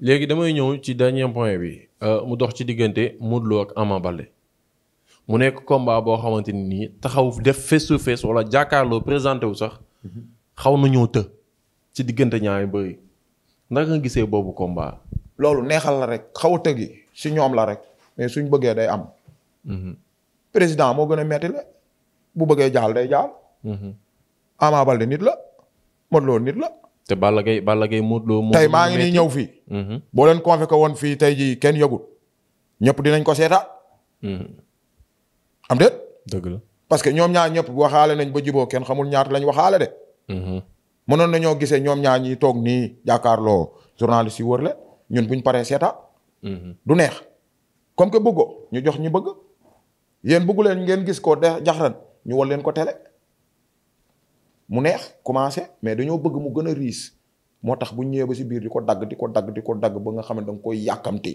léegi damay ñëw ci dernier point bi euh, mu dox ci diggante Modou Lo ak Ama mu nekk combat boo xamante ni nii taxaw def face to face wala jàkkaarloo présenté wu sax xaw na ñëw të ci diggante ñaari bëri ndax nga gisee boobu combat. loolu neexal la rek xaw a tëggi si ñoom la rek mais suñ bëggee day am. Mhm. président moo gën a metti la bu bëggee jaal day jaal. Mhm. Ama nit la Modou nit la. te Balla Gaye Balla Gaye Modou Lo. tey maa ngi nii ñëw fii. Mhm. boo leen convoqué woon fii tey jii kenn yëgut ñëpp dinañ ko seeta. Mhm. am déet. dëgg la parce que ñoom ñaar ñëpp waxaale nañ ba jiboo kenn xamul ñaata lañ waxaale de. Mhm. mënoon nañoo gisee ñoom ñaar ñi toog nii jàkkaarloo journaliste yi wër la ñun buñ paree seeta. du neex comme que bëggoo ñu jox ñu bëgg. yéen bëggu leen ngeen gis ko de jaxran ñu wal leen ko télé. mu neex commencé mais dañoo bëgg mu gën a riis moo tax bu ñëwee ba si biir di ko dagg di ko dagg di ko dagg ba nga xam ne da koy yàkkamti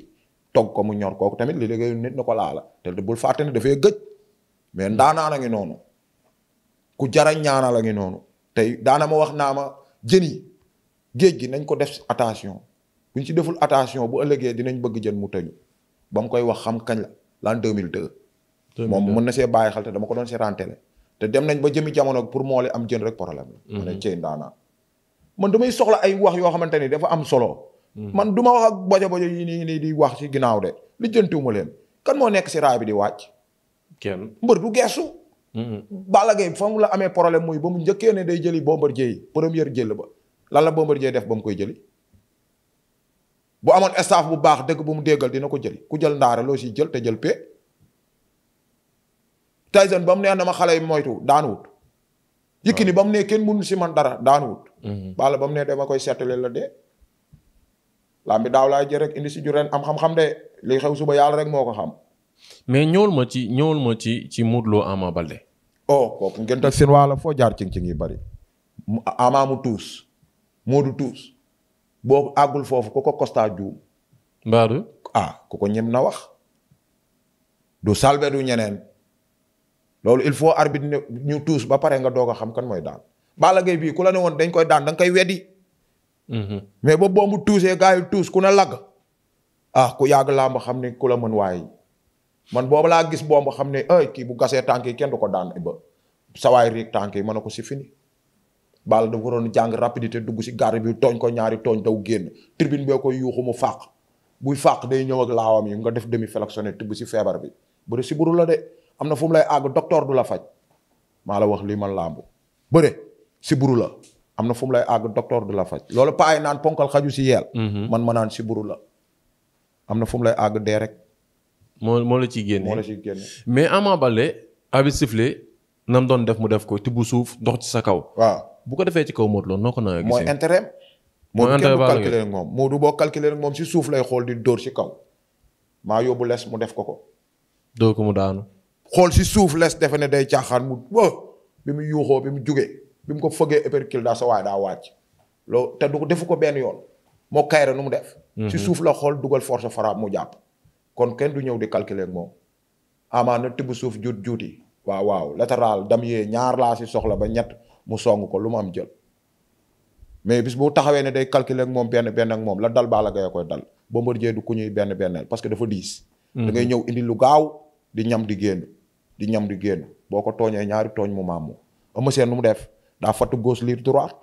togg ko mu ñor kooku tamit li liggéeyu nit na ko laala te bul fàtte ne dafay gëj mais ndaanaa a ngi noonu ku jara ñaana a ngi noonu tey daana ma wax naa ma jën yi géej gi nañ ko def attention bu ñu ci deful attention bu ëllëgee dinañ bëgg jën mu tëju ba mu koy wax xam kañ la l'an 2002 moom mën na see bàyyi xel te ko doon see te dem nañ ba jëmmi jamono pour moole am jën rek problème la. ma ne mhm. cee ndaanaan man damay soxla ay wax yoo xamante ni dafa am solo. Mhm. man du ma wax ak bojo bojo yi nii nii di wax ci ginnaaw de li jëntuwuma leen kan moo nekk si raay bi di wàcc. kenn mbër du geesu. Mhm. Balla Gaye fa mu la amee problème muy ba mu njëkkee ne day jëli Bombardier yi première jël ba lan la Bombardier def ba mu koy jëli. bu amoon staff bu baax dëgg bu mu déggal dina ko jëli ku jël ndaare loo siy jël te jël pe. Tyson ba mu neex na ma xale yi moytu daanuwut. Yékini ba mu ne kenn mënu si man dara daanuwut. Mhm. baalo ba mu ne dama koy seetale la de. laam bi daaw laa jël rek indi si ju am xam-xam de li xew suba yàlla rek moo ko xam. mais ñëwul ma ci ñëwul ma ci ci Modou Lo Ama Baldé. oh kooku ngeen teg seen wàll foo jaar cing cing yi bari. mu Ama mu tuus Modou tuus boo àggul foofu ku ko Costa juum. mbaaru ah ku ko ñem na wax. du salbe du ñeneen. loolu il faut arbitre ne ñu tuus ba pare nga doog a xam kan mooy daan Balla Gaye bii ku la ne woon dañ koy daan da nga koy weddi. Mhm. mais ba boobu tuusee gars yi tuus ku ne lagg. ah ku yàgg làmb xam ne ku la mën waaye man boobu laa gis bomb xam ne ay kii bu gasee tànk kenn du ko daan ba sawaay riig tànk yi mën na ko si fini. Balla dafa waroon jàng rapidité dugg si gaar bi tooñ ko ñaari tooñ daw génn tribune bee koy yuuxu mu fàq buy fàq day ñëw ak laawam yi nga def demi flexion tibb si feebar bi bu dee si la de. am na fu mu lay àgg docteur du la faj maa la wax lii man làmbu bëre si buru la am na fu mu lay àgg docteur du la faj loolu paay naan ponkal xaju si yeel mhm. man ma naan si buru la am na fu mu lay àgg dee rek moo moo la ciy génne moo la ciy génne mais Ama Baldé abi sifflé nam doon def mu def ko tibb suuf dox ci sa kaw waaw bu ko defee ci kaw Modou Lo noo ko naa gisee mooy intérêt mooy boo calculer ak moom si suuf lay xool di dóor si kaw maa yóbbu les mu def ko ko doo ko mu daanu xool si suuf les defe ne day caaxaan mu ba bi mu yuuxoo bi mu jógee bi mu ko fëggee épercule daa sa waay daa wàcc loo te du defu ko benn yoon moo kayre nu mu def. Mhm. si suuf la xool dugal force frappe mu jàpp. kon kenn du ñëw di calculer moom amaa na tibb suuf juut juuti. waaw waaw latéral dam yee ñaar laa si soxla ba ñett mu song ko lu mu am jël. mais bis bu taxawee ne day calculer moom benn benn ak moom la dal Balla Gaye koy dal Bombardier du ku ñuy benn benneel parce que dafa diis. Mhm. da ngay ñëw indi lu gaaw. di ñam di génn di ñam di génn boo ko tooñee ñaari tooñ mu maamu Eumeu Sène nu mu def daa fatt gauche liir droite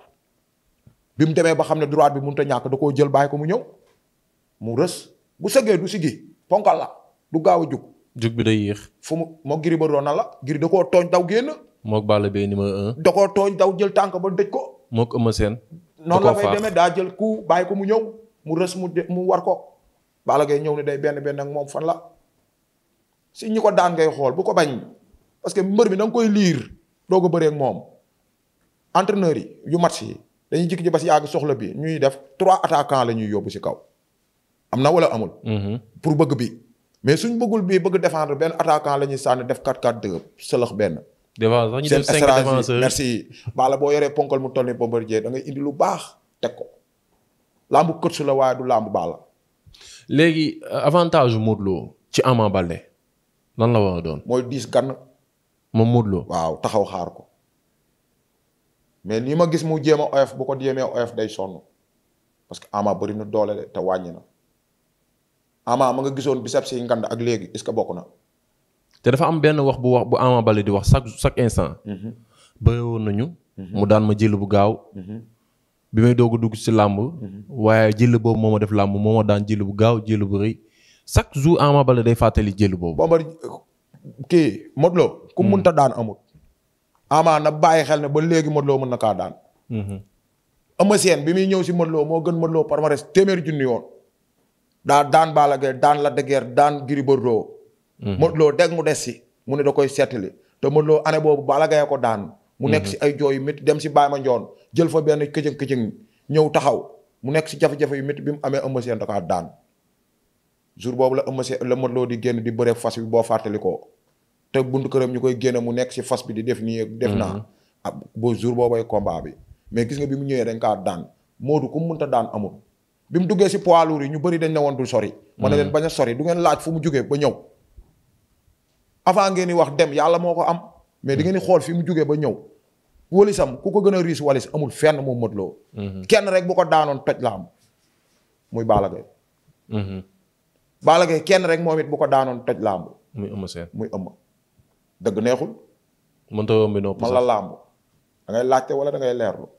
bi mu demee ba xam ne droite bi mënut a ñàkk da jël bàyyi ko mu ñëw mu rës bu sëggee du siggi ponkal la du gaaw a jug. jug bi day yéex. fu mu moo giri ba na la giri da koo tooñ daw génn. moog Balla Gaye numéro un. da koo tooñ daw jël tànk ba dëj ko. moog Eumeu Sène. noonu la fay demee daa jël ku bàyyi ko mu ñëw mu rës mu mu war ko. Balla Gaye ñëw ne day benn benn ak moom fan la. si ñu ko daan ngay xool bu ko bañ parce que mbër bi da nga koy liir doo ko bëree moom entraîneur yi yu match yi dañuy jikki ji ba si yàgg soxla bi ñuy def trois attaquants la ñuy yóbbu si kaw am na wala amul. Mm-hmm. pour bëgg bi mais suñ bëggul bii bëgg défendre benn attaquant la ñuy sànni def 4-4-2 sëlëx benn. devant sax ñu def cinq défenseurs merci. bala boo yoree ponkal mu toll nii Bombardier da ngay indi lu baax teg ko lambu kër su la waaye du lambu baala. léegi euh, avantage Modou Lo ci Ama Baldé lan la war a doon. mooy diis gann. ma Modou Lo waaw taxaw xaar ko mais ni ma gis mu jéem a oyof bu ko jéemee oyof day sonn parce que Ama bëri na doole de te wàññi na Ama ma nga gisoon biceps yi ngand ak léegi est que bokk na. te dafa am benn wax bu wax bu Ama bale di wax chaque chaque instant. Mhm. bëriwoon nañu. Mhm. mu daan ma jël bu gaaw. Mhm. bi may doog a dugg ci làmb. waaye jël boobu moo ma def làmb moo ma daan jël bu gaaw jël bu rëy. chaque jour Ama Baldé day fàttali jël boobu. Bombardier kii Modou Lo ku mënta hmm. daan amut. Ama na bàyyi xel ne ba léegi Modou Lo mën na kaa daan. Hmm. Eumeu Sène bi muy ñëw si Modou moo gën Modou Lo palmarès téeméeri junni yoon. daa daan Balla daan la de daan Gris Bordeaux. Hmm. Modou deg mu des si mu ne da koy seetali te Modou ane boobu Balla Gaye ko daan. mu nekk si ay jooy yu dem si Baye Mandione jël fa benn këcëg këcëg ñëw taxaw mu nekk si jafe-jafe yu métti bi mu amee Eumeu Sène da kaa daan. jour boobu la ëmma si la Modou di génn di bëre fas bi boo fàttali ko te buntu këram ñu koy génne mu nekk si fas bi di def nii def naa mhm. ah ba jour boobay combat bi mais gis nga bi mu ñëwee dañ kaa daan moo Modou ku mu mënta daan amul bi mu duggee si poids lourd yi ñu bëri dañ ne woon du sori ma na mhm. leen bañ a sori du ngeen laaj fu mu jógee ba ñëw avant ngeen di wax dem yàlla moo ko am mais di ngeen di xool fi mu jógee ba ñëw walisam ku ko gën a riis walis amul fenn moom Modou mhm. kenn rek bu ko daanoon toj la am muy Balla Balla Gaye kenn rek moom it bu ko daanoon toj làmb muy ëmb seen muy ëmb. dëgg neexul. mënta ëmb nopp man la làmb da ngay laajte wala da ngay leerlu.